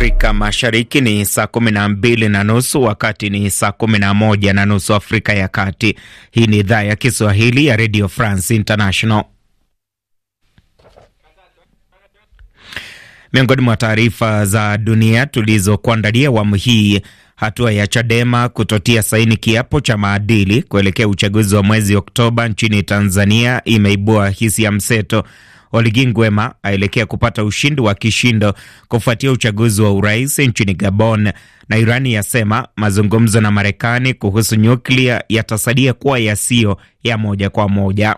Afrika Mashariki ni saa kumi na mbili na nusu wakati ni saa kumi na moja na nusu Afrika ya Kati. Hii ni idhaa ya Kiswahili ya Radio France International. Miongoni mwa taarifa za dunia tulizokuandalia awamu hii: hatua ya Chadema kutotia saini kiapo cha maadili kuelekea uchaguzi wa mwezi Oktoba nchini Tanzania imeibua hisia mseto. Oligi Nguema aelekea kupata ushindi wa kishindo kufuatia uchaguzi wa urais nchini Gabon, na Irani yasema mazungumzo na Marekani kuhusu nyuklia yatasadia kuwa yasiyo ya moja kwa moja.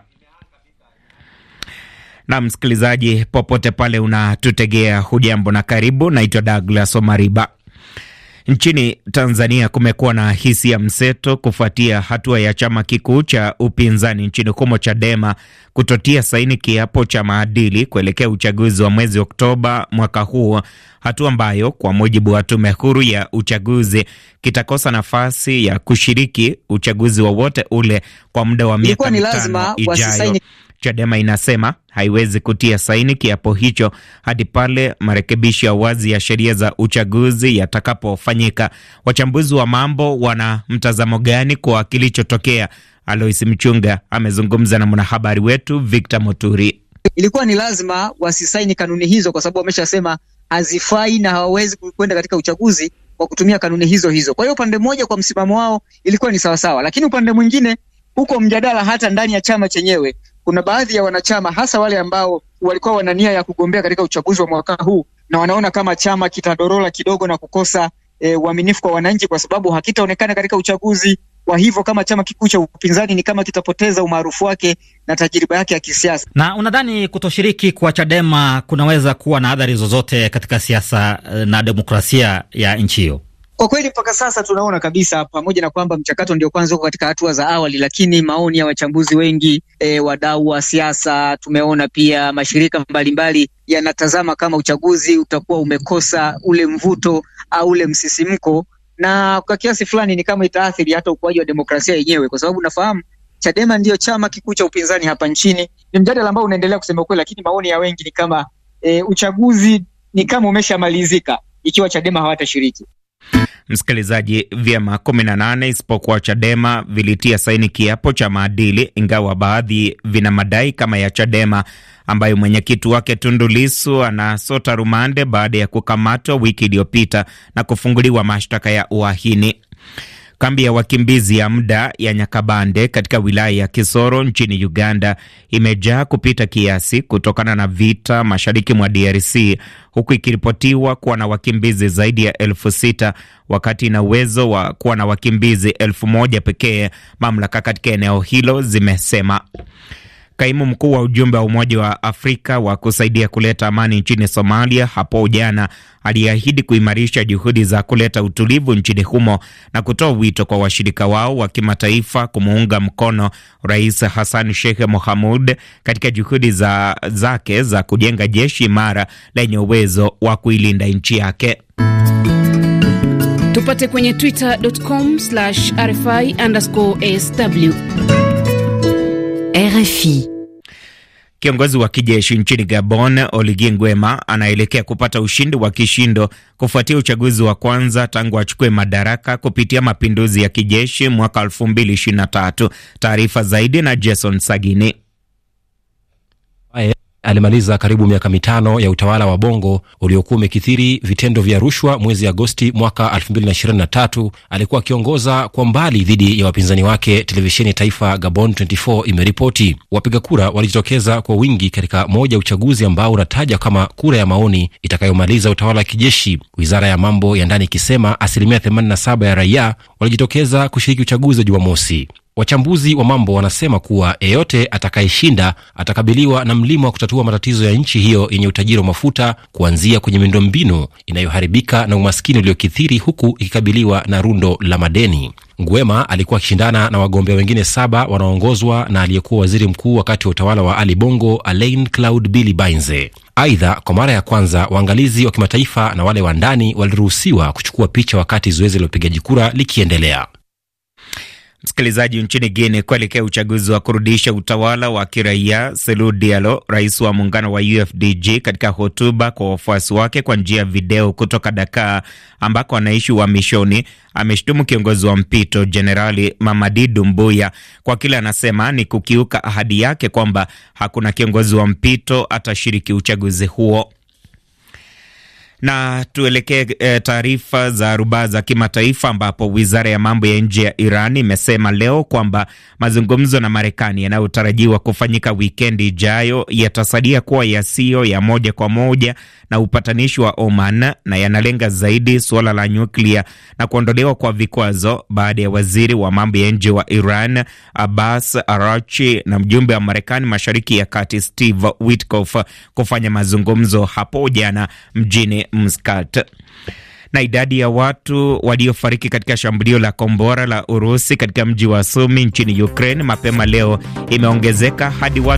Na msikilizaji, popote pale unatutegea, hujambo na karibu. Naitwa Douglas Omariba. Nchini Tanzania kumekuwa na hisia mseto kufuatia hatua ya chama kikuu cha upinzani nchini humo Chadema kutotia saini kiapo cha maadili kuelekea uchaguzi wa mwezi Oktoba mwaka huu, hatua ambayo kwa mujibu wa tume huru ya uchaguzi kitakosa nafasi ya kushiriki uchaguzi wowote ule kwa muda wa miaka mitano ijayo. Chadema inasema haiwezi kutia saini kiapo hicho hadi pale marekebisho ya wazi ya sheria za uchaguzi yatakapofanyika. Wachambuzi wa mambo wana mtazamo gani kwa kilichotokea? Alois Mchunga amezungumza na mwanahabari wetu Victor Moturi. Ilikuwa ni lazima wasisaini kanuni hizo, kwa sababu wameshasema hazifai na hawawezi kwenda katika uchaguzi kwa kutumia kanuni hizo hizo. Kwa hiyo upande mmoja, kwa msimamo wao ilikuwa ni sawasawa, lakini upande mwingine huko mjadala hata ndani ya chama chenyewe kuna baadhi ya wanachama hasa wale ambao walikuwa wana nia ya kugombea katika uchaguzi wa mwaka huu na wanaona kama chama kitadorola kidogo na kukosa eh, uaminifu kwa wananchi, kwa sababu hakitaonekana katika uchaguzi kwa hivyo kama chama kikuu cha upinzani ni kama kitapoteza umaarufu wake na tajriba yake ya kisiasa. Na unadhani kutoshiriki kwa Chadema kunaweza kuwa na athari zozote katika siasa eh, na demokrasia ya nchi hiyo? Kwa kweli mpaka sasa tunaona kabisa, pamoja na kwamba mchakato ndio kwanza uko katika hatua za awali, lakini maoni ya wachambuzi wengi, e, wadau wa siasa, tumeona pia mashirika mbalimbali yanatazama kama uchaguzi utakuwa umekosa ule mvuto au ule msisimko na kwa kiasi fulani ni kama itaathiri hata ukuaji wa demokrasia yenyewe, kwa sababu nafahamu Chadema ndiyo chama kikuu cha upinzani hapa nchini. Ni mjadala ambao unaendelea kusema kweli, lakini maoni ya wengi ni kama e, uchaguzi ni kama umeshamalizika ikiwa Chadema hawatashiriki. Msikilizaji, vyama 18 isipokuwa Chadema vilitia saini kiapo cha maadili, ingawa baadhi vina madai kama ya Chadema ambayo mwenyekiti wake Tundu Lissu anasota rumande baada ya kukamatwa wiki iliyopita na kufunguliwa mashtaka ya uhaini. Kambi ya wakimbizi ya muda ya Nyakabande katika wilaya ya Kisoro nchini Uganda imejaa kupita kiasi kutokana na vita mashariki mwa DRC, huku ikiripotiwa kuwa na wakimbizi zaidi ya elfu sita wakati ina uwezo wa kuwa na wakimbizi elfu moja pekee, mamlaka katika eneo hilo zimesema. Kaimu mkuu wa ujumbe wa Umoja wa Afrika wa kusaidia kuleta amani nchini Somalia hapo jana aliahidi kuimarisha juhudi za kuleta utulivu nchini humo na kutoa wito kwa washirika wao wa kimataifa kumuunga mkono Rais Hassan Sheikh Mohamud katika juhudi za zake za kujenga jeshi imara lenye uwezo wa kuilinda nchi yake. Tupate kwenye twitter.com/rfi_sw RFI. Kiongozi wa kijeshi nchini Gabon Oligi Nguema anaelekea kupata ushindi wa kishindo kufuatia uchaguzi wa kwanza tangu achukue madaraka kupitia mapinduzi ya kijeshi mwaka 2023. Taarifa zaidi na Jason Sagini alimaliza karibu miaka mitano ya utawala wa Bongo uliokuwa umekithiri vitendo vya rushwa. Mwezi Agosti mwaka 2023 alikuwa akiongoza kwa mbali dhidi ya wapinzani wake, televisheni ya taifa Gabon 24 imeripoti. Wapiga kura walijitokeza kwa wingi katika moja ya uchaguzi ambao unataja kama kura ya maoni itakayomaliza utawala wa kijeshi, wizara ya mambo ya ndani ikisema asilimia 87 ya raia walijitokeza kushiriki uchaguzi wa Jumamosi. Wachambuzi wa mambo wanasema kuwa yeyote atakayeshinda atakabiliwa na mlima wa kutatua matatizo ya nchi hiyo yenye utajiri wa mafuta, kuanzia kwenye miundombinu inayoharibika na umaskini uliokithiri, huku ikikabiliwa na rundo la madeni. Nguema alikuwa akishindana na wagombea wengine saba wanaoongozwa na aliyekuwa waziri mkuu wakati wa utawala wa Ali Bongo, Alain Claude Billy Bainze. Aidha, kwa mara ya kwanza waangalizi wa kimataifa na wale wa ndani waliruhusiwa kuchukua picha wakati zoezi la upigaji kura likiendelea. Msikilizaji, nchini Guinea kuelekea uchaguzi wa kurudisha utawala wa kiraia, Selu Dialo, rais wa muungano wa UFDG, katika hotuba kwa wafuasi wake kwa njia ya video kutoka Dakar ambako anaishi uhamishoni, ameshtumu kiongozi wa mpito Jenerali Mamadi Dumbuya kwa kile anasema ni kukiuka ahadi yake kwamba hakuna kiongozi wa mpito atashiriki uchaguzi huo. Na tuelekee e, taarifa za rubaa za kimataifa ambapo wizara ya mambo ya nje ya Iran imesema leo kwamba mazungumzo na Marekani yanayotarajiwa kufanyika wikendi ijayo yatasadia kuwa yasiyo ya moja kwa moja na upatanishi wa Oman na yanalenga zaidi suala la nyuklia na kuondolewa kwa vikwazo baada ya waziri wa mambo ya nje wa Iran Abbas Arachi na mjumbe wa Marekani mashariki ya kati Steve Witkoff kufanya mazungumzo hapo jana mjini Muscat na idadi ya watu waliofariki katika shambulio la kombora la Urusi katika mji wa Sumi nchini Ukraine mapema leo imeongezeka hadi